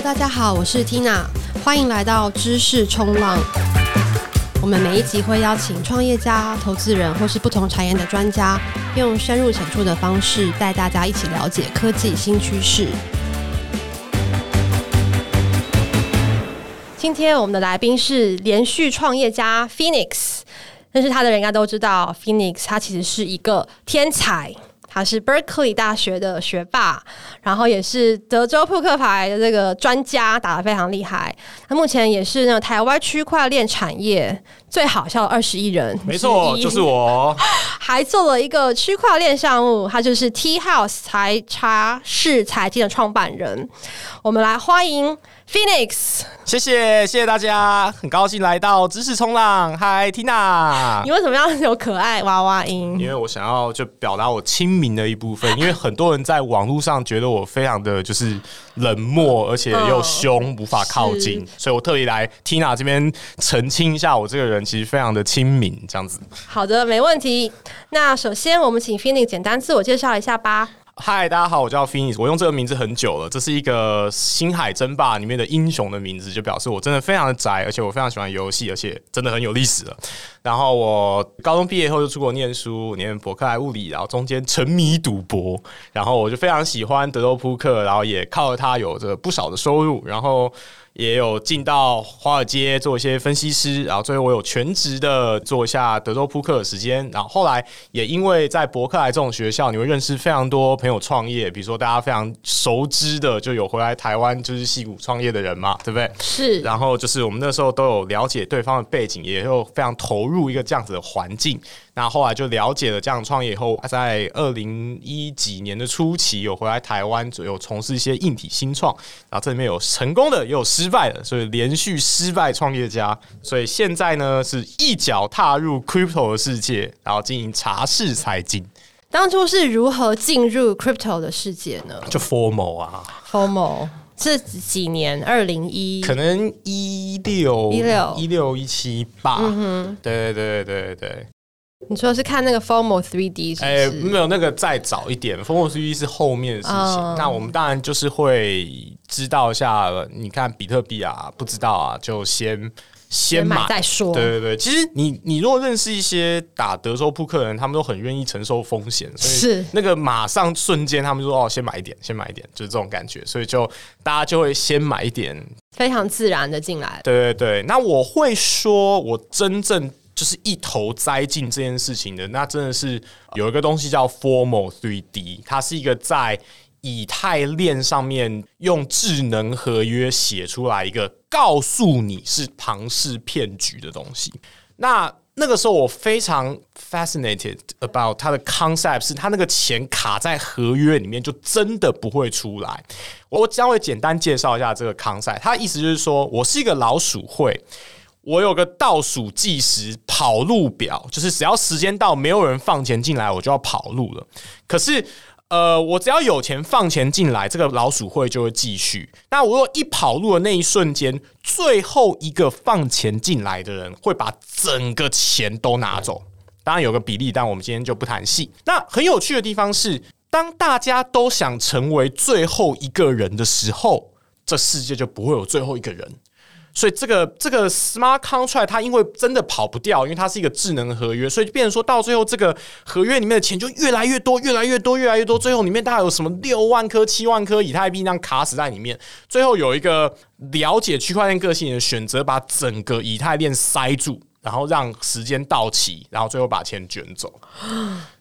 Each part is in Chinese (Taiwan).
Hello, 大家好，我是 Tina，歡迎來到知識衝浪。我們每一集會邀請創業家、投資人或是不同產業的專家，用深入淺出的方式帶大家一起了解科技新趨勢。今天我們的來賓是連續創業家 Fenix，認識他的人應該都知道，Fenix 他其實是一個天才。他是 Berkeley 大學的學霸，然後也是德州撲克牌的這個專家，打得非常厲害。他目前也是那個台灣區塊鏈產業最好笑的二十一人，沒錯，就是我。還做了一個區塊鏈項目，他就是 Tea House 茶室財金的創辦人。我們來歡迎。Fenix，謝謝謝謝大家，很高興來到知識衝浪。嗨 Tina，你為什麼要有可愛娃娃音？因為我想要就表達我親民的一部分， 因為很多人在網絡上覺得我非常的就是冷漠，嗯、而且又凶、嗯，無法靠近，所以我特意來 Tina 這邊澄清一下，我這個人其實非常的親民，這樣子。好的，沒問題。那首先我們請 Fenix 簡單自我介紹一下吧。嗨，大家好，我叫 Fenix，我用這個名字很久了。這是一個《星海爭霸》裡面的英雄的名字，就表示我真的非常的宅，而且我非常喜歡遊戲，而且真的很有歷史了。然後我高中畢業後就出國念書，念柏克萊物理，然後中間沉迷賭博，然後我就非常喜歡德州撲克，然後也靠它有着不少的收入，然後。也有進到華爾街做一些分析師，然後最後我有全職的做一下德州撲克的時間，然後後來也因為在伯克萊這種學校，你會認識非常多朋友創業，比如說大家非常熟知的就有回來台灣就是矽谷創業的人嘛，對不對？是，然後就是我們那時候都有了解對方的背景，也有非常投入一個這樣子的環境。那後來就了解了這樣創業以後，在二零一幾年的初期有回來台灣，右，從事一些硬體新創，然後這裡面有成功的，也有失敗的，所以連續失敗創業家，所以現在呢是一腳踏入 crypto 的世界，然後進行茶室財金。當初是如何進入 crypto 的世界呢？就 formal 啊，formal 這幾年二零一可能一六一六一六一七吧，對對對對，對，對。你說是看那個 FOMO 3D 是，是？哎、欸，沒有那個再早一點，FOMO 3D 是後面的事情。Oh. 那我們當然就是會知道一下，你看比特幣啊，不知道啊，就先先買，先買再說。對對對，其實你你如果認識一些打德州撲克人，他們都很願意承受風險，所以是那個馬上瞬間，他們就說哦，先買一點，先買一點，就是這種感覺，所以就大家就會先買一點，非常自然的進來。對對對，那我會說我真正，就是一頭栽進這件事情的，那真的是有一個東西叫 Fomo 3D，它是一個在以太鏈上面用智能合約寫出來一個告訴你是龐氏騙局的東西。那那個時候我非常 fascinated about 它的 concept，是它那個錢卡在合約裡面就真的不會出來。我將會簡單介紹一下這個 concept，它的意思就是說，我是一個老鼠會。我有個倒數計時跑路表，就是只要時間到，沒有人放錢進來，我就要跑路了。可是，呃，我只要有錢放錢進來，這個老鼠會就會繼續。那我若一跑路的那一瞬間，最後一個放錢進來的人會把整個錢都拿走。當然有個比例，但我們今天就不談戲。那很有趣的地方是，當大家都想成為最後一個人的時候，這世界就不會有最後一個人。所以這個這個 smart contract 它因為真的跑不掉，因為它是一個智能合約，所以變成說到最後，這個合約裡面的錢就越來越多，越來越多，越來越多，最後裡面大概有什麼六萬顆、七萬顆以太幣那樣卡死在裡面。最後有一個了解區塊鏈個性的選擇把整個以太鏈塞住，然後讓時間到期，然後最後把錢捲走。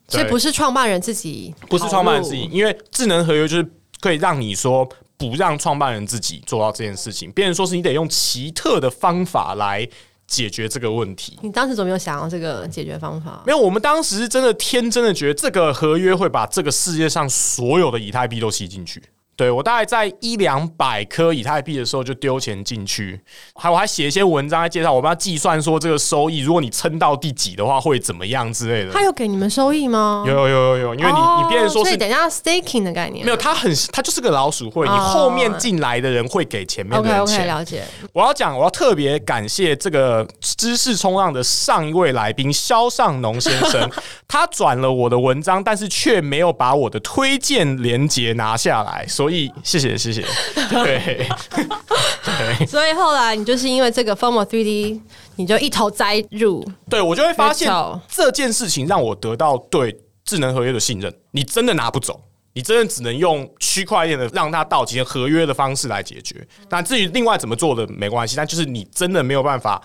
所以不是創辦人自己，不是創辦人自己，因為智能合約就是可以讓你說。不讓創辦人自己做到這件事情，變成說是你得用奇特的方法來解決這個問題。你當時怎麼沒有想到這個解決方法？沒有，我們當時真的天真的覺得這個合約會把這個世界上所有的以太幣都吸進去。對，我大概在一兩百顆以太幣的時候就丟錢進去，還我還寫一些文章來介紹，我幫他計算說這個收益，如果你撐到第幾的話會怎麼樣之類的。他有給你們收益嗎？有有有有，因為你、oh, 你別人說是所以等一下 staking 的概念，沒有，他很他就是個老鼠會，oh. 你後面進來的人會給前面的人錢。Okay, okay, 了解，我要講，我要特別感謝這個知識衝浪的上一位來賓肖尚農先生， 他轉了我的文章，但是卻沒有把我的推薦連接拿下來，所以。所以，謝謝謝謝，對 所以後來你就是因為這個 Formal Three D，你就一頭栽入。對，我就會發現這件事情讓我得到對智能合約的信任。你真的拿不走，你真的只能用區塊鏈的讓它到期合約的方式來解決。但至於另外怎麼做的沒關係，但就是你真的沒有辦法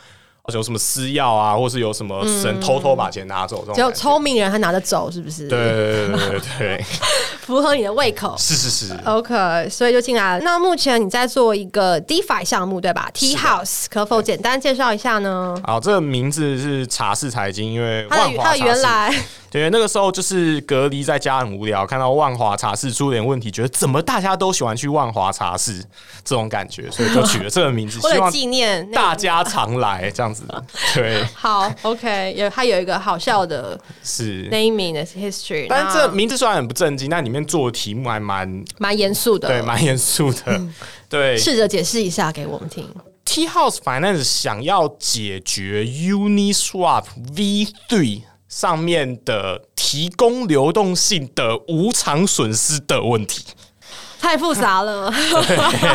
有什麼私鑰啊，或是有什麼神偷偷把錢拿走，嗯，只有聰明人他拿得走，是不是？對對對，對。 符合你的胃口，是是是，OK，所以就進來了。那目前你在做一個 DeFi 項目對吧？Tea House 可否簡單介紹一下呢？啊，這個名字是茶室財經，因為萬華茶室，原來對，那個時候就是隔離在家很無聊，看到萬華茶室出了點問題，覺得怎麼大家都喜歡去萬華茶室這種感覺，所以就取了這個名字， 為了紀念大家常來這樣子。對， 好，OK，有，他有一個好笑的是 Naming is History，但是這名字雖然很不正經，但你。裡面做的題目還蠻蠻嚴肅的，對，蠻嚴肅的、嗯。對，試着解釋一下給我們聽。Tea House Finance 想要解決 Uniswap V3 上面的提供流動性的無償損失的問題。太複雜了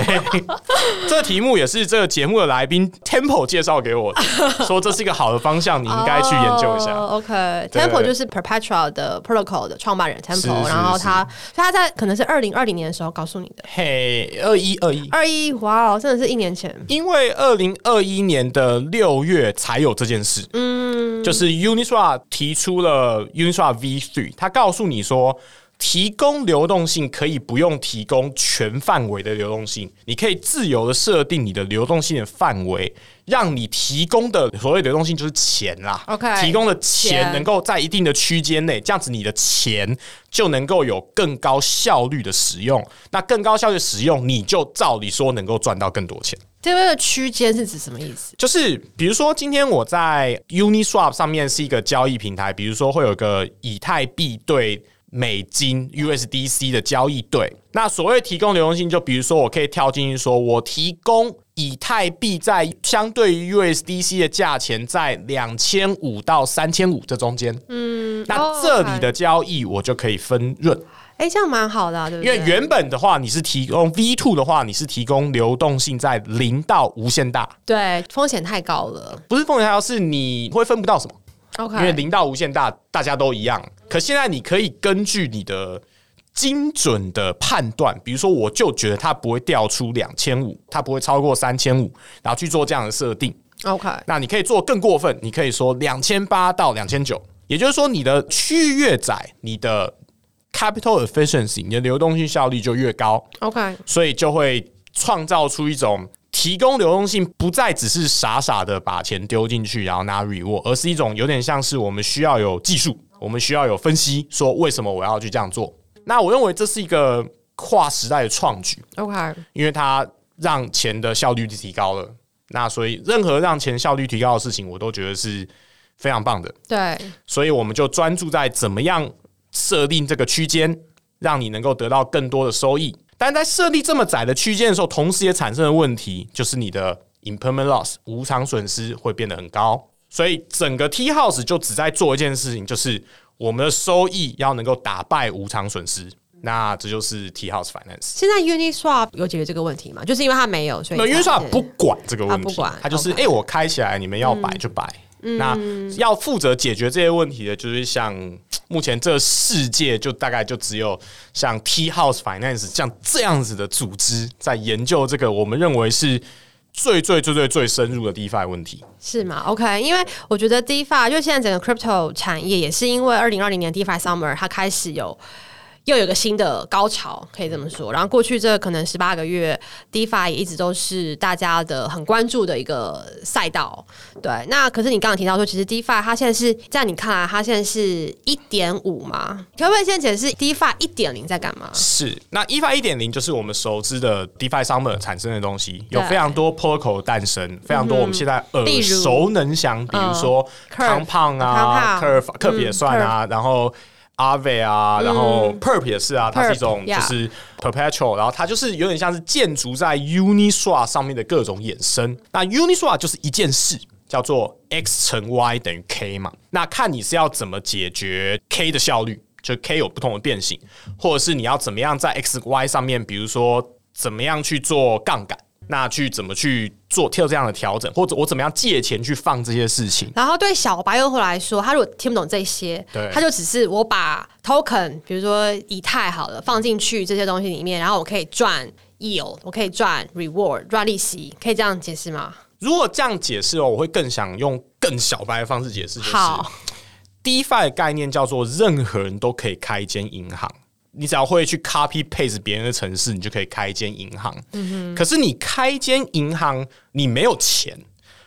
。這題目也是這個節目的來賓 Temple 介紹給我的，說這是一個好的方向，你應該去研究一下，oh, okay。OK，Temple 就是 Perpetual 的 Protocol 的創辦人 Temple，然後他，他，在可能是二零二零年的時候告訴你的。嘿、hey，二一，二一，二一，哇哦，真的是一年前。因為二零二一年的六月才有這件事。嗯，就是 Uniswap 提出了 Uniswap V3，他告訴你說。提供流動性可以不用提供全範圍的流動性，你可以自由的設定你的流動性的範圍，讓你提供的所謂流動性就是錢啦。OK，提供的錢能夠在一定的區間內，這樣子你的錢就能夠有更高效率的使用。那更高效率使用，你就照理說能夠賺到更多錢。這個區間是指什麼意思？就是比如說，今天我在 Uniswap 上面是一個交易平台，比如說會有個以太幣對。美金 （USDC） 的交易對，那所謂提供流動性，就比如說，我可以跳進去說，我提供以太幣在相對於 USDC 的價錢在兩千五到三千五這中間，嗯，那這裡的交易我就可以分潤。哎、哦 okay 欸，這樣蠻好的、啊對不對，因為原本的話，你是提供 V2 的話，你是提供流動性在零到無限大，對，風險太高了。不是風險太高，是你會分不到什麼。Okay. 因為零到無限大，大家都一樣。可現在你可以根據你的精準的判斷，比如說，我就覺得它不會掉出兩千五，它不會超過三千五，然後去做這樣的設定。OK，那你可以做更過分，你可以說兩千八到兩千九，也就是說，你的區域越窄，你的 capital efficiency，你的流動性效率就越高。OK，所以就會創造出一種。提供流動性不再只是傻傻的把錢丟進去，然後拿 reward，而是一種有點像是我們需要有技術，我們需要有分析，說為什麼我要去這樣做。那我認為這是一個跨時代的創舉，OK，因為它讓錢的效率就提高了。那所以任何讓錢效率提高的事情，我都覺得是非常棒的。對，所以我們就專注在怎麼樣設定這個區間，讓你能夠得到更多的收益。但在設立這麼窄的區間的時候，同時也產生了問題，就是你的 impermanent loss 無償損失會變得很高，所以整個 Tea House 就只在做一件事情，就是我們的收益要能夠打敗無償損失、嗯，那這就是 Tea House Finance。現在 Uniswap 有解決這個問題嗎？就是因為它沒有，所以 Uniswap、嗯嗯、不管這個問題，他、啊、不管，他就是誒、okay. 欸，我開起來你們要擺就擺。嗯嗯，那要負責解決這些問題的，就是像目前這世界就大概就只有像 Tea House Finance 像這樣子的組織，在研究這個我們認為是最最最最最深入的 DeFi 問題，是嗎？OK，因為我覺得 DeFi 就現在整個 Crypto 產業也是因為二零二零年 DeFi Summer 它開始有。又有一個新的高潮，可以這麼說。然後過去這可能十八個月，DeFi 也一直都是大家的很關注的一個賽道。對，那可是你剛剛提到說，其實 DeFi 它現在是在你看來，啊，它現在是一點五嘛？可不可以先解釋，DeFi 一點零在幹嘛？是，那 DeFi 一點零就是我們熟知的 DeFi Summer 產生的東西，有非常多 protocol 誕生，非常多我們現在耳熟能詳，嗯，比如說 Compound 啊，Curve、Curve 啊，啊，curve, curve,、嗯特別算啊 curve，然後。Aave 啊、嗯，然後 Perp 也是啊，Purp，它是一種就是 Perpetual，yeah. 然後它就是有點像是建築在 Uniswap 上面的各種衍生。那 Uniswap 就是一件事，叫做 x 乘 y 等於 k 嘛。那看你是要怎麼解決 k 的效率，就 k 有不同的變形，或者是你要怎麼樣在 x y 上面，比如說怎麼樣去做槓桿。那去怎麼去做？跳這樣的調整，或者我怎麼樣借錢去放這些事情？然後對小白用戶來說，他如果聽不懂這些，對，他就只是我把 token，比如說以太好了，放進去這些東西裡面，然後我可以賺 yield，我可以賺 reward，賺利息，可以這樣解釋嗎？如果這樣解釋哦，我會更想用更小白的方式解釋，就是。好，Defi 的概念叫做任何人都可以開一間銀行。你只要會去 copy paste 別人的程式，你就可以開一間銀行。嗯。可是你開一間銀行，你沒有錢，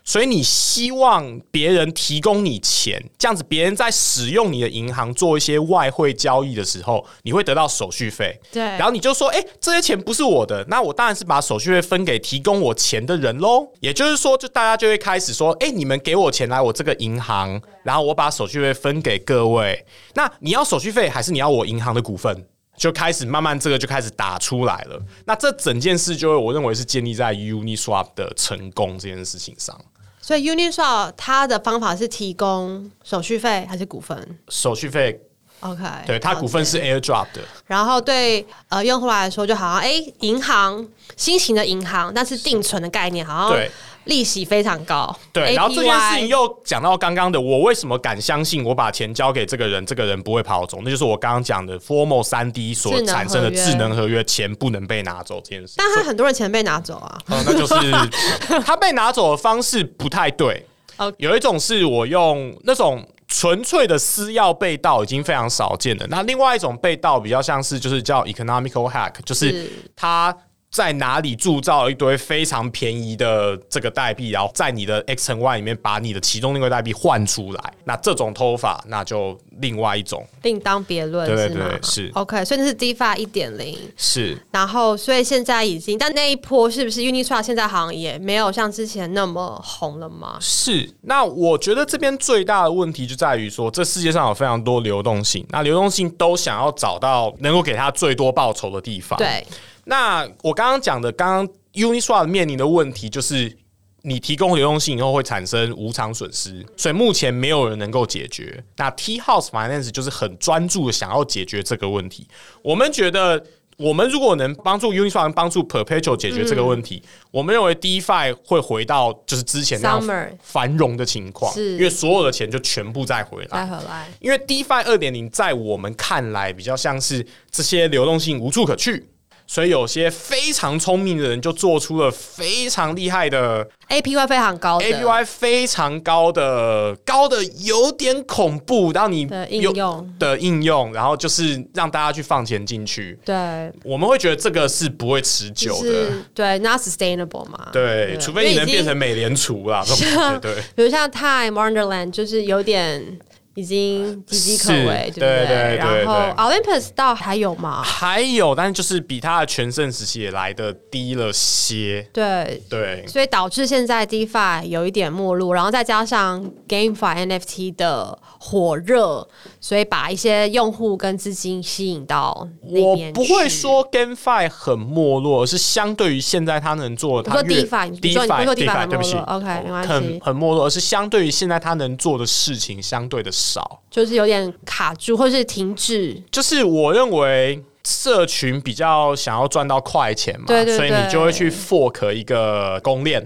所以你希望別人提供你錢。這樣子，別人在使用你的銀行做一些外匯交易的時候，你會得到手續費。對。然後你就說：“誒、欸，這些錢不是我的，那我當然是把手續費分給提供我錢的人嘍。”也就是說，就大家就會開始說：“誒、欸，你們給我錢來，我這個銀行，然後我把手續費分給各位。那你要手續費，還是你要我銀行的股份？”就開始慢慢這個就開始打出來了。那這整件事就我認為是建立在 Uniswap 的成功這件事情上。所以 Uniswap 它的方法是提供手續費還是股份？手續費。OK。對，它股份是 AirDrop 的。然後對呃用戶來說，就好像哎銀行新型的銀行，那是定存的概念，好像對。利息非常高，對。然後這件事情又講到剛剛的，我為什麼敢相信我把錢交給這個人，這個人不會跑走？那就是我剛剛講的 formal 3D 所產生的智能合約，錢不能被拿走這件事。但他很多人錢被拿走啊，嗯、那就是他被拿走的方式不太對。 有一種是我用那種純粹的私鑰被盜，已經非常少見了。那另外一種被盜比較像是就是叫 economical hack，就是他。在哪裡鑄造了一堆非常便宜的這個代幣，然後在你的 X 乘 Y 裡面把你的其中那個代幣換出來，那這種偷法那就另外一種，另當別論。對對，對是，是 OK，所以那是 Defi 1.0。是。然後所以現在已經，但那一波是不是 Uniswap 現在好像也沒有像之前那麼紅了嘛。是。那我覺得這邊最大的問題就在於說，這世界上有非常多流動性，那流動性都想要找到能夠給他最多報酬的地方。對。那我剛剛講的，剛剛 Uniswap 面臨的問題就是，你提供流動性以後會產生無常損失，所以目前沒有人能夠解決。那 Tea House Finance 就是很專注的想要解決這個問題。我們覺得，我們如果能幫助 Uniswap 幫助 perpetual 解決這個問題，嗯，我們認為 DeFi 會回到就是之前那樣繁榮的情況，Summer. 因為所有的錢就全部再回來。回來，因為 DeFi 二點零在我們看來比較像是這些流動性無處可去。所以有些非常聰明的人就做出了非常厲害的 APY，非常高的 APY，非常高的高的有點恐怖。然後你應用的應用，然後就是讓大家去放錢進去。對，我們會覺得這個是不會持久的對，對，對，not sustainable 嘛。對，除非你能變成美聯儲啦，對對對。比如像 Time Wonderland，就是有點。已經岌岌可危，對不對？對對對對，然後 Olympus 倒還有嗎？還有，但就是比他的全盛時期也來得低了些。對對，所以導致現在 Defi 有一點沒落，然後再加上 GameFi NFT 的火熱。所以把一些用戶跟資金吸引到那邊去。我不會說 GameFi 很沒落，而是相對於現在他能做的他，比如說 DeFi，比如說你說沒有 DeFi 對不起，OK 沒關係，很很沒落，而是相對於現在他能做的事情相對的少，就是有點卡住或是停滯。就是我認為社群比較想要賺到快錢嘛，對對對，所以你就會去 fork 一個公鏈，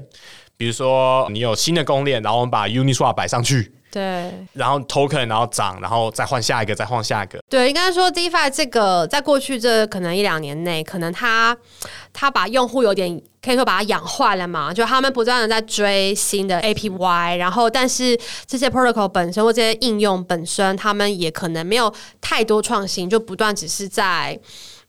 比如說你有新的公鏈，然後我們把 Uniswap 擺上去。對，然後 token 然後漲，然後再換下一個，再換下一個。對，應該說 DeFi 這個在過去這可能一兩年內，可能他他把用戶有點可以說把它養壞了嘛，就他們不斷的在追新的 APY，然後但是這些 protocol 本身或這些應用本身，他們也可能沒有太多創新，就不斷只是在。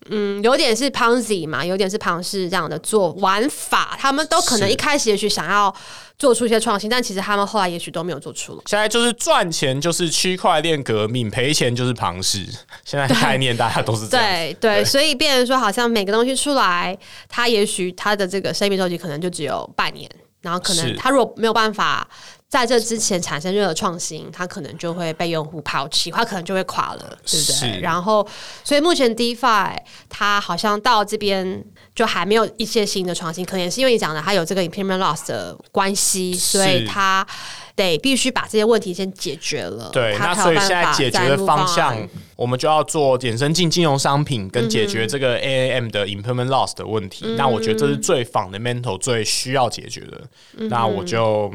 嗯，有點是 Ponzi 嘛，有點是龐氏這樣的做玩法，他們都可能一開始也許想要做出一些創新，但其實他們後來也許都沒有做出了。現在就是賺錢就是區塊鏈革命，賠錢就是龐氏。現在概念大家都是這樣，對，對，對，對，所以變成說好像每個東西出來，他也許他的這個生命周期可能就只有半年，然後可能他如果沒有辦法。在這之前產生任何創新，它可能就會被用戶拋棄，它可能就會垮了，對不對是？然後，所以目前 DeFi 它好像到這邊就還沒有一些新的創新，可能也是因為你講的，它有這個 Impermanent Loss 的關係，所以它。得必須把這些問題先解決了。對，那所以現在解決的方向，我們就要做衍生性金融商品，跟解決這個 AMM 的 impermanent loss 的問題，嗯。那我覺得這是最 fundamental，最需要解決的。嗯、那我就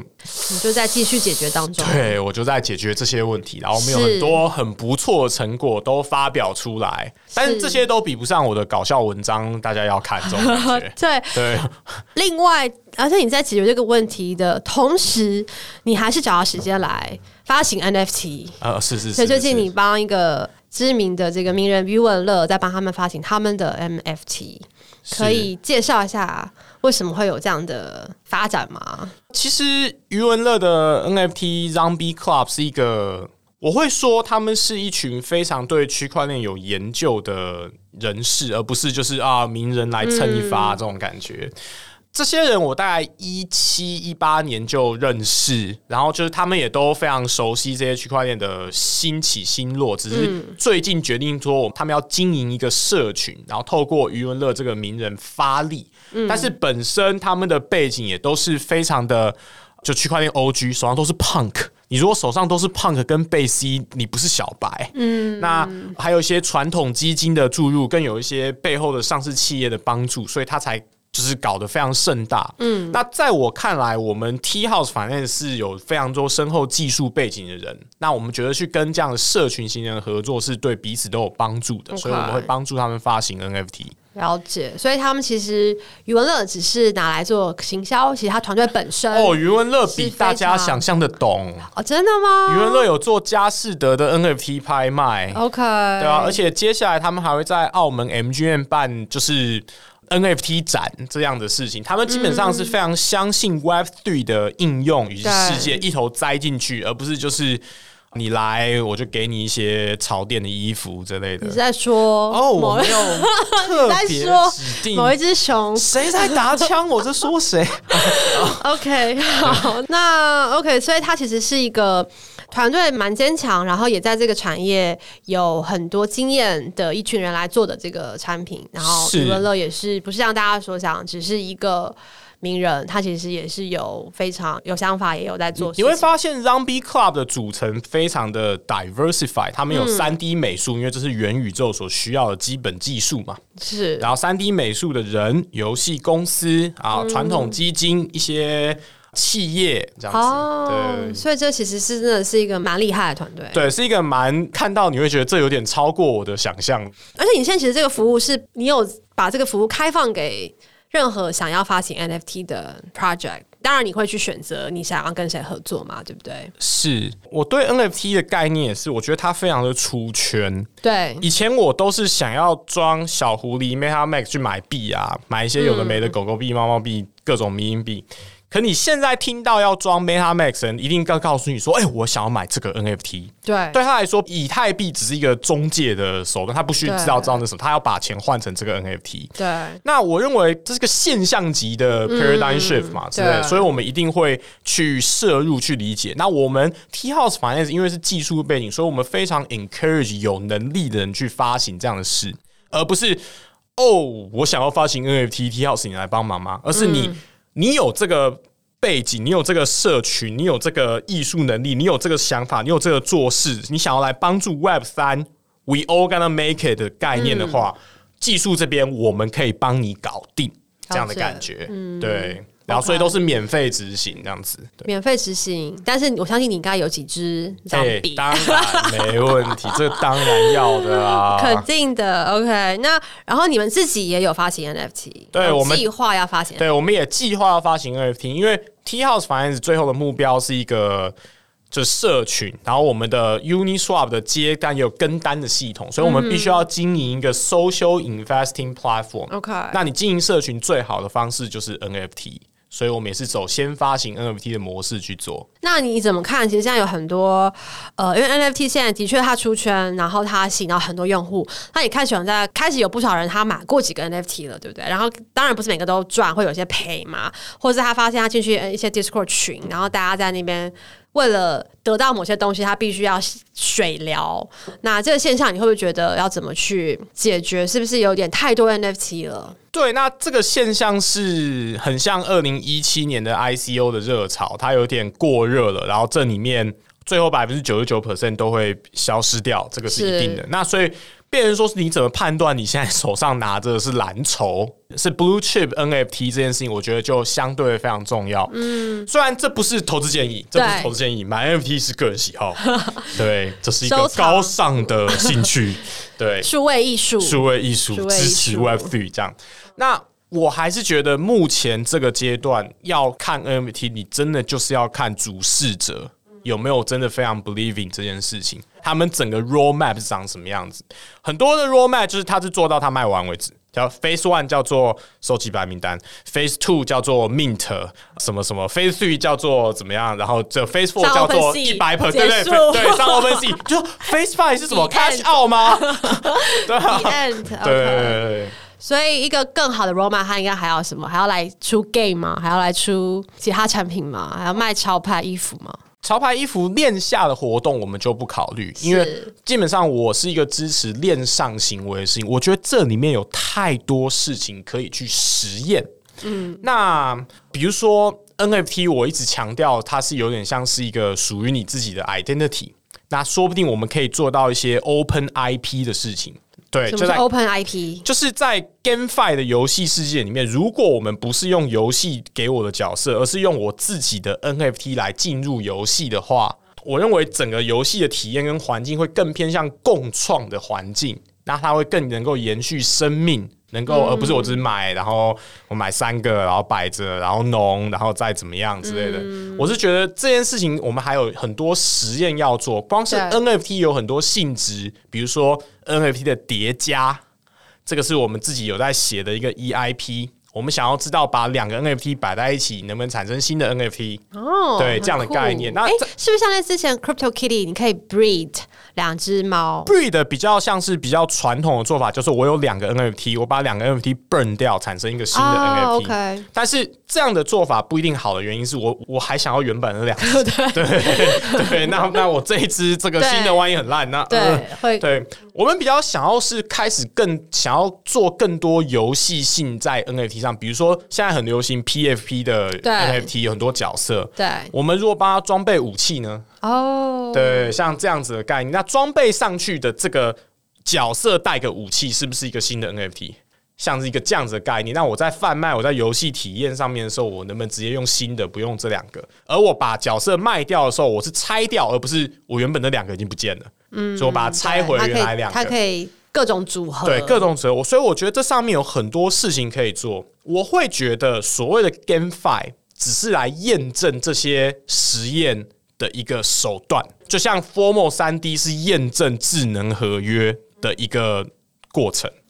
你就在繼續解決當中。對，我就在解決這些問題，然後我們有很多很不錯的成果都發表出來，但是這些都比不上我的搞笑文章，大家要看。 對對。另外，而且你在解決這個問題的同時，你還。還是找到時間來發行 NFT 啊。哦，是是，是。是所以最近你幫一個知名的這個名人余文樂在幫他們發行他們的 NFT，可以介紹一下為什麼會有這樣的發展嗎？其實余文樂的 NFT Zombie Club 是一個，我會說他們是一群非常對區塊鏈有研究的人士，而不是就是啊名人來蹭一發這種感覺。嗯。這些人我大概一七一八年就認識，然後就是他們也都非常熟悉這些區塊鏈的興起興落，只是最近決定說，他們要經營一個社群，然後透過余文樂這個名人發力。但是本身他們的背景也都是非常的，就區塊鏈 O G 手上都是 Punk，你如果手上都是 Punk 跟 BAYC，你不是小白。嗯，那還有一些傳統基金的注入，更有一些背後的上市企業的幫助，所以他才。就是搞得非常盛大，嗯，那在我看來，我們 T House 反正是有非常多深厚技術背景的人，那我們覺得去跟這樣的社群型人合作是對彼此都有幫助的，okay, 所以我們會幫助他們發行 NFT。了解，所以他們其實余文樂只是拿來做行銷，其實他團隊本身哦，余文樂比大家想象的懂哦，真的嗎？余文樂有做佳士得的 NFT 拍賣，OK，對啊，而且接下來他們還會在澳門 MGM 辦，就是。NFT 展這樣的事情，他們基本上是非常相信 Web Three 的應用以及世界，一頭栽進去，而不是就是你來我就給你一些潮店的衣服之類的。你在說哦，oh, 某，我沒有特別指定，你在說某一隻熊？誰在打槍？我在說誰 ？OK， 好， 那 OK，所以它其實是一個。團隊蠻堅強，然後也在這個產業有很多經驗的一群人來做的這個產品。是，然後余文樂，樂也是不是像大家所想，只是一個名人，他其實也是有非常有想法，也有在做你。你會發現 Zombie Club 的組成非常的 diversified，他們有三 D 美術、嗯，因為這是元宇宙所需要的基本技術嘛。是，然後三 D 美術的人、遊戲公司啊、傳統基金、嗯、一些。企業這樣子、oh, 對，所以這其實是真的是一個蠻厲害的團隊，對，是一個蠻看到你會覺得這有點超過我的想象。而且你現在其實這個服務是你有把這個服務開放給任何想要發行 NFT 的 project，當然你會去選擇你想要跟誰合作嘛，對不對？是我對 NFT 的概念也是，我覺得它非常的出圈。對，以前我都是想要裝小狐狸 Meta、嗯、Mask 去買幣啊，買一些有的沒的狗狗幣、貓貓幣、各種迷因幣。可你現在聽到要裝 MetaMask，一定要告訴你說：“哎、欸，我想要買這個 NFT。”對，對他來說，以太幣只是一個中介的手段，他不需要知道這樣的什麼，他要把錢換成這個 NFT。對，那我認為這是個現象級的 paradigm shift 嘛、嗯，是不是？所以我們一定會去涉入、去理解。那我們 T House Finance 因為是技術背景，所以我們非常 encourage 有能力的人去發行這樣的事，而不是哦，我想要發行 NFT，T House 你來幫忙嗎？而是你。嗯你有這個背景，你有這個社群，你有這個藝術能力，你有這個想法，你有這個做事，你想要來幫助 Web 三，We all gonna make it 的概念的話，嗯、技術這邊我們可以幫你搞定。這樣的感覺，對，然後所以都是免費執行這樣子，免費執行。但是我相信你應該有幾隻。對，當然沒問題， 這當然要的啦、啊，肯定的。OK，那然後你們自己也有發行 NFT，對我們計劃要發行 NFT 我們，對，我們也計劃要發行 NFT，因為 T House 反正最後的目標是一個。就社群，然後我們的 Uniswap 的接單也有跟單的系統，所以，我們必須要經營一個 Social Investing Platform。OK，那你經營社群最好的方式就是 NFT，所以我們也是走先發行 NFT 的模式去做。那你怎麼看？其實現在有很多，呃，因為 NFT 現在的確它出圈，然後它吸引到很多用戶，他也開始在開始有不少人他買過幾個 NFT 了，對不對？然後當然不是每個都賺，會有些賠嘛，或者是他發現他進去一些 Discord 群，然後大家在那邊。為了得到某些東西，他必須要水療。那這個現象，你會不會覺得要怎麼去解決？是不是有點太多 NFT 了？對，那這個現象是很像二零一七年的 ICO 的熱潮，它有點過熱了。然後這裡面最後百分之九十九 percent 都會消失掉，這個是一定的。那所以。變成說是你怎麼判斷你現在手上拿着的是藍籌，是 blue chip NFT 這件事情，我覺得就相對非常重要。嗯，雖然這不是投資建議，這不是投資建議，買 NFT 是個人喜好。對，這是一個高尚的興趣。對，數位藝術，數位藝術支持 Web3 這樣。那我還是覺得目前這個階段要看 NFT，你真的就是要看主事者有沒有真的非常 believing 這件事情。他們整個 roadmap 是長什麼樣子？很多的 roadmap 就是他是做到他賣完為止。叫 phase one 叫做收集白名單 phase two 叫做 mint 什麼什麼 phase three 叫做怎麼樣？然後這 phase four 叫做一百 percent 對對對，open sea 就 phase five 是什麼？cash out 嗎？對，對對對。所以一個更好的 roadmap 他應該還要什麼？還要來出 game 嗎？還要來出其他產品嗎？還要賣潮牌衣服嗎？潮牌衣服鏈下的活動我們就不考慮，因為基本上我是一個支持鏈上行為的事情。我覺得這裡面有太多事情可以去實驗。嗯，那比如說 NFT，我一直強調它是有點像是一個屬於你自己的 identity，那說不定我們可以做到一些 open IP 的事情。對就在，就是 open IP，就是在 GameFi 的遊戲世界裡面，如果我們不是用遊戲給我的角色，而是用我自己的 NFT 來進入遊戲的話，我認為整個遊戲的體驗跟環境會更偏向共創的環境，那它會更能夠延續生命。能夠，嗯，而不是我只是買，然後我買三個，然後擺着，然後弄，然後再怎麼樣之類的。嗯，我是覺得這件事情，我們還有很多實驗要做。光是 NFT 有很多性質，比如說 NFT 的疊加，這個是我們自己有在寫的一個 EIP。我們想要知道，把兩個 NFT 擺在一起，能不能產生新的 NFT？Oh, 對，這樣的概念，那、欸、是不是像在之前 Crypto Kitty，你可以 breed 兩隻貓？breed 比較像是比較傳統的做法，就是我有兩個 NFT，我把兩個 NFT burn 掉，產生一個新的 NFT，Oh, okay. 但是這樣的做法不一定好的原因是我我還想要原本的兩隻， 對對， 對那那我這一只這個新的萬一很爛，那對對。嗯對對。我們比較想要是開始更想要做更多遊戲性在 NFT 上，比如說現在很流行 PFP 的 NFT，有很多角色。對，我們如果幫他裝備武器呢？哦、oh.，對，像這樣子的概念，那裝備上去的這個角色帶個武器，是不是一個新的 NFT？像是一個這樣子的概念，那我在販賣我在遊戲體驗上面的時候，我能不能直接用新的，不用這兩個？而我把角色賣掉的時候，我是拆掉，而不是我原本的兩個已經不見了，嗯，所以我把它拆回原來兩個，它、嗯、可,可以各種組合，對各種組合。所以我覺得這上面有很多事情可以做。我會覺得所謂的 GameFi 只是來驗證這些實驗的一個手段，就像 Fomo3D 是驗證智,智能合約的一個過程。嗯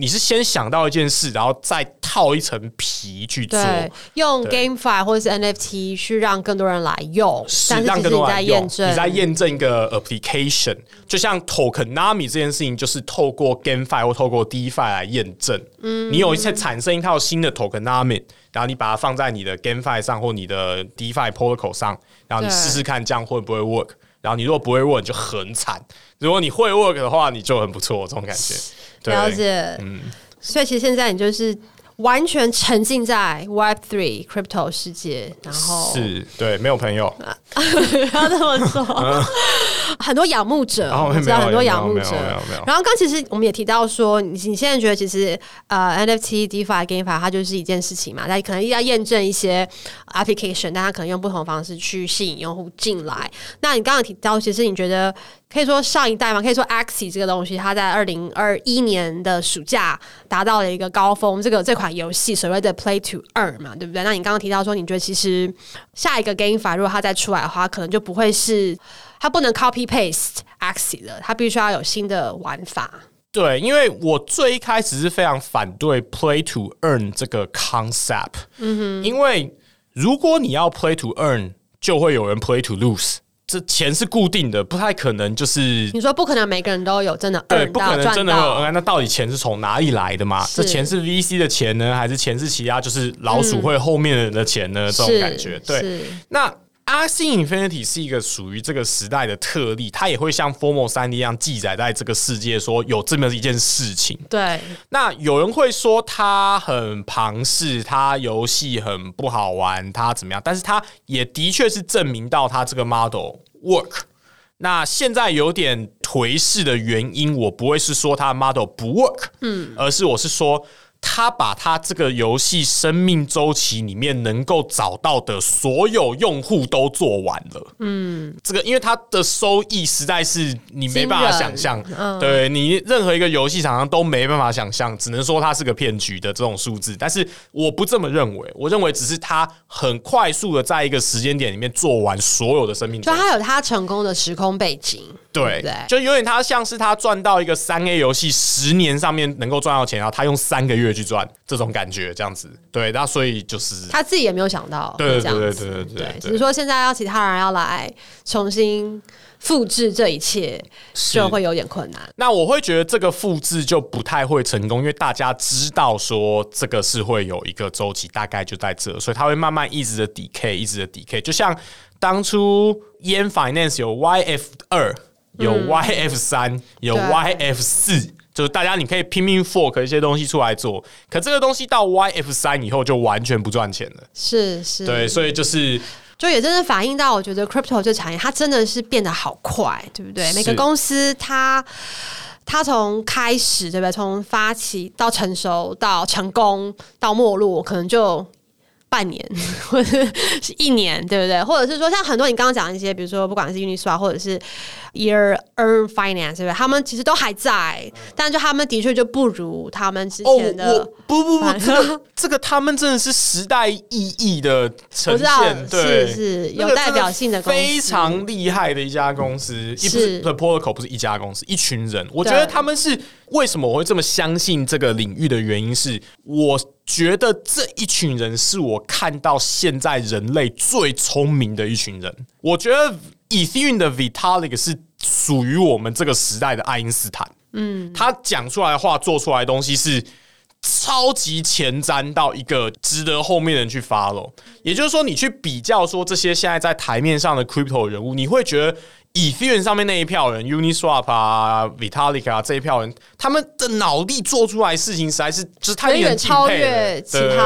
你是先想到一件事，然後再套一層皮去做，用 GameFi 或者是 NFT 去讓更多人來用，是，但是讓更多人來用，驗證用，你在驗證一個 application，就像 tokenomics 這件事情，就是透過 GameFi 或透過 DeFi 來驗證。嗯，你有一些產生一套新的 tokenomics，嗯，然後你把它放在你的 GameFi 上或你的 DeFi protocol 上，然後你試試看這樣會不會 work。然後你如果不會 work 你就很慘，如果你會 work 的話，你就很不錯。這種感覺，對了解。嗯，所以其實現在你就是。完全沉浸在 Web three crypto 世界，然後是對，沒有朋友，啊、呵呵，不要這麼說。 很多仰慕者，知、啊、道很多仰慕者。然後，剛其實我們也提到說，你你現在覺得其實、呃、NFT DeFi GameFi 它就是一件事情嘛？它可能要驗證一些 application，但它可能用不同的方式去吸引用戶進來。那你剛剛提到，其實你覺得？可以說上一代嗎？可以說 Axie 這個東西，它在二零二一年的暑假達到了一個高峰。這個這款遊戲所謂的 Play to Earn 嘛，對不對？那你剛剛提到說，你覺得其實下一個 GameFi，如果它再出來的話，可能就不會是它不能 Copy Paste Axie 了，它必須要有新的玩法。對，因為我最一開始是非常反對 Play to Earn 這個 concept。嗯哼，因為如果你要 Play to Earn，就會有人 Play to Lose。這錢是固定的，不太可能，就是你說不可能每個人都有真的、N、對，不可能真的有 N，到那到底錢是從哪裡來的嘛？這錢是 VC 的錢呢，還是錢是其他就是老鼠會後面的人的錢呢？嗯、這種感覺是對是那。阿 Infinity 是一個屬於這個時代的特例，它也會像《Formal 三 D》一樣記載在這個世界，說有這麼一件事情。對，那有人會說它很龐氏，它遊戲很不好玩，它怎麼樣？但是它也的確是證明到它這個 model work。那現在有點頹勢的原因，我不會是說它 model 不 work，嗯，而是我是說。他把他這個遊戲生命週期裡面能夠找到的所有用戶都做完了。嗯，這個因為他的收益實在是你沒辦法想象，對你任何一個遊戲廠商都沒辦法想象，只能說他是個騙局的這種數字。但是我不這麼認為，我認為只是他很快速的在一個時間點裡面做完所有的生命週期，就他有他成功的時空背景。對，對，就有點他像是他賺到一個三 A 遊戲十年上面能夠賺到錢，然後他用三個月。去賺這種感覺，這樣子對，那所以就是他自己也沒有想到，對對對對對對,對,對,對,對。你說現在要其他人要來重新複制這一切是，就會有點困難。那我會覺得這個複制就不太會成功，因為大家知道說這個是會有一個周期，大概就在這，所以它會慢慢一直的 decay，一直的 decay。就像當初 Yearn Finance 有 YF 二、嗯，有 YF 三，有 YF 四。就是大家，你可以拼命 fork 一些東西出來做，可這個東西到 Y F 三以後就完全不賺錢了是。是是，對，所以就是對對對，就也真的反映到，我覺得 crypto 這產業它真的是變得好快，對不對？每個公司它它從開始對不對，從發起到成熟到成功到沒落，可能就。半年或者是一年，對不對？或者是說，像很多你剛剛講的一些，比如說不管是 Uniswap，或者是 Year Earn Finance，是不是？他們其實都還在，但是就他們的確就不如他們之前的、哦。不不不、 這個，這個他們真的是時代意義的呈現，對是是，有代表性的，那個、的非常厲害的一家公司。是的 Protocol 不是一家公司，一群人。我覺得他們是為什麼我會這麼相信這個領域的原因是，是我。覺得這一群人是我看到現在人類最聰明的一群人。我覺得以太坊的 Vitalik 是屬於我們這個時代的愛因斯坦。嗯，他講出來的話、做出來的東西是超級前瞻到一個值得後面的人去 follow。也就是說，你去比較說，這些現在在台面上的 crypto 的人物，你會覺得。以 Ethereum 上面那一票人，Uniswap 啊、Vitalik 啊這一票人，他們的腦力做出來的事情實在是就是太令人敬佩了，對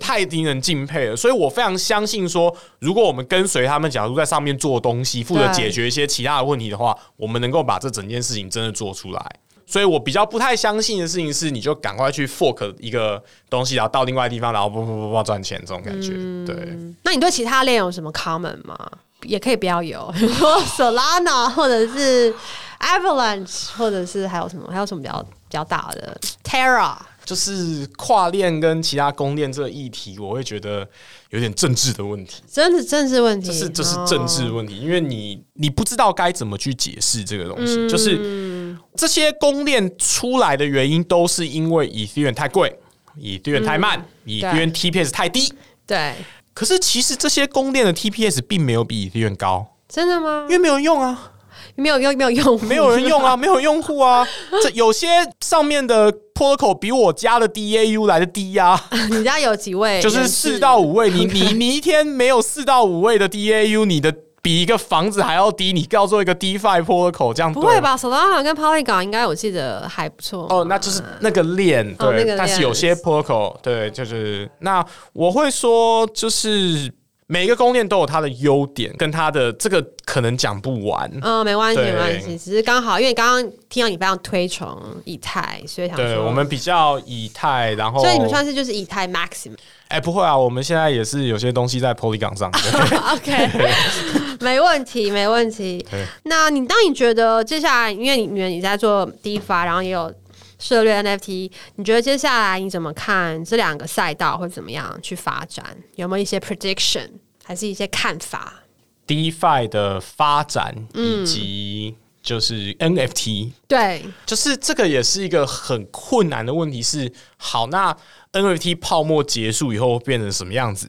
太令人，人敬佩了。所以我非常相信說，如果我們跟隨他們，假如在上面做東西，負責解決一些其他的問題的話，我們能夠把這整件事情真的做出來。所以我比較不太相信的事情是，你就趕快去 fork 一個東西，然後到另外一個地方，然後不不不不賺錢這種感覺、嗯。對，那你對其他鏈有什麼 common 嗎？也可以不要有，Solana 或者是 Avalanche，或者是還有什麼，還有什麼比較比較大的 Terra。就是跨鏈跟其他公鏈這個議題，我會覺得有點政治的問題，真的政治問題，這是這是政治問題，哦、因為你你不知道該怎麼去解釋這個東西、嗯，就是這些公鏈出來的原因都是因為以太元太貴，以太元太慢，嗯、以太元 TPS 太低，對。可是，其實這些公鏈的 TPS 並沒有比醫院高，真的嗎？因為沒有用啊，沒有用，沒有用，沒有人用啊，沒有人用戶啊。這有些上面的 protocol 比我家的 DAU 來的低呀。你家有幾位？就是四到五位。你你你一天沒有四到五位的 DAU，你的。比一個房子還要低，你要做一個 DeFi protocol 這樣？不會吧，Solana 跟 Polygon 應該我記得還不錯。哦、oh,，那就是那個鏈，對、oh, 鏈，但是有些 Polygon，對，就是、嗯、那我會說，就是每一個公鏈都有它的優點，跟它的這個可能講不完。嗯，沒關係，沒關係，只是剛好因為剛剛聽到你非常推崇以太，所以想說，對我們比較以太，然後所以你們算是就是以太 Maximum。哎，不會啊，我們現在也是有些東西在 Polygon 上。 OK。 沒問題，沒問題。那你當你覺得接下來，因為你你在做 DeFi，然後也有涉獵 NFT，你覺得接下來你怎麼看這兩個賽道會怎麼樣去發展？有沒有一些 prediction，還是一些看法？DeFi 的發展以及就是 NFT，、嗯、對，就是這個也是一個很困難的問題是。是好，那 NFT 泡沫結束以後會變成什麼樣子？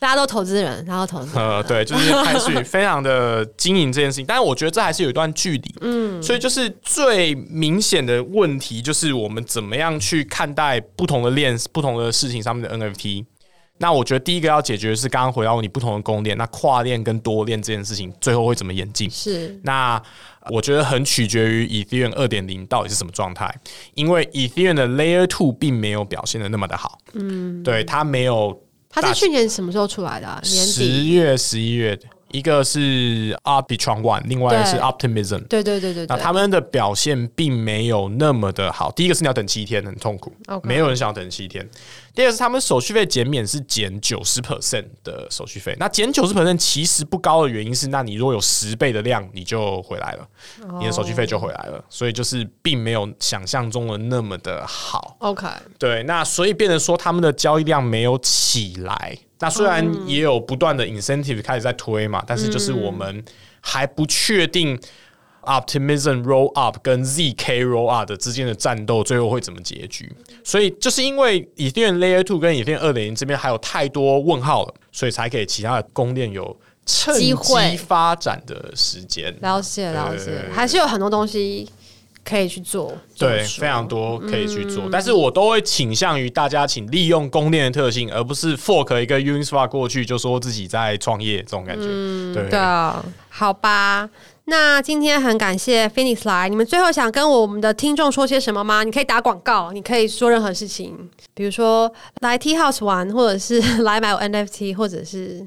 大家都投資人，然後投資人。呃，對，就是開始非常的經營這件事情， 但是我覺得這還是有一段距離。嗯，所以就是最明顯的問題就是我們怎麼樣去看待不同的鏈、不同的事情上面的 NFT。那我覺得第一個要解決的是剛剛回到你不同的公鏈，那跨鏈跟多鏈這件事情最後會怎麼演進？是，那我覺得很取決於以太坊二點零到底是什麼狀態，因為以太坊的 Layer Two 並沒有表現得那麼的好。嗯，對，它沒有。他是去年什麼時候出來的、啊？年底，十月十一月的。一個是 Arbitrum One，另外一個是 Optimism。對對對對，對。那他們的表現並沒有那麼的好。第一個是你要等七天，很痛苦，okay。沒有人想要等七天。第二個是他們手續費減免是減九十 percent 的手續費。那減九十 percent 其實不高的原因是，那你如果有十倍的量，你就回來了，oh。你的手續費就回來了。所以就是並沒有想象中的那麼的好。OK，對，那所以變成說他們的交易量沒有起來。那雖然也有不斷的 incentive 開始在推嘛、嗯，但是就是我們還不確定 optimism roll up 跟 zk roll up 的之間的戰鬥最後會怎麼結局。所以就是因為以太鏈 layer two 跟以太鏈二點零這邊還有太多問號了，所以才給其他的公鏈有趁機發展的時間。了解了解、呃，還是有很多東西可以去做，對，非常多可以去做，嗯、但是我都會傾向於大家，請利用公鏈的特性，而不是 fork 一個 Uniswap 過去，就說自己在創業這種感覺。嗯、對的，好吧。那今天很感謝 Fenix 來，你們最後想跟我們的聽眾說些什麼嗎？你可以打廣告，你可以說任何事情，比如說來 Teahouse 玩，或者是來買 NFT，或者是。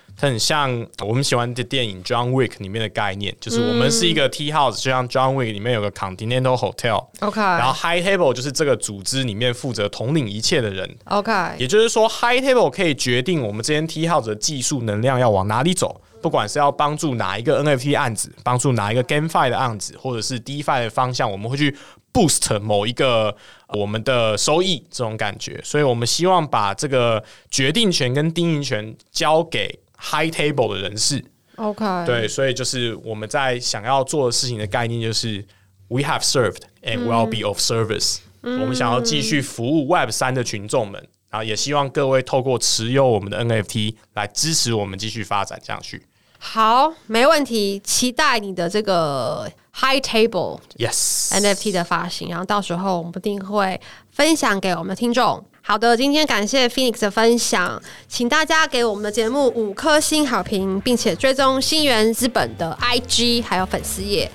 它很像我們喜歡的電影《John Wick》裡面的概念，就是我們是一個 T House，就像《John Wick》裡面有個 Continental Hotel，OK。然後 High Table 就是這個組織裡面負責統領一切的人，OK。也就是說，High Table 可以決定我們這間 T House 的技術能量要往哪裡走，不管是要幫助哪一個 NFT 案子，幫助哪一個 GameFi 的案子，或者是 DeFi 的方向，我們會去 boost 某一個、呃、我們的收益，這種感覺。所以我們希望把這個決定權跟定義權交給 High Table 的人士，OK，對，所以就是我們在想要做的事情的概念就是，We have served and will be of service. Mm-hmm. 我們想要繼續服務 Web 三的群眾們啊，然後也希望各位透過持有我們的 NFT 來支持我們繼續發展下去。好，沒問題，期待你的這個 High Table Yes NFT 的發行，然後到時候我們一定會分享給我們的聽眾。好的，今天感謝 Fenix 的分享，請大家給我們的節目五顆星好評，並且追蹤新源資本的 IG 還有粉絲頁。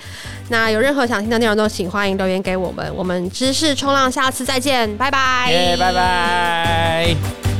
那有任何想聽的內容，都請歡迎留言給我們。我們知識衝浪，下次再見，拜拜，拜拜，yeah，拜拜。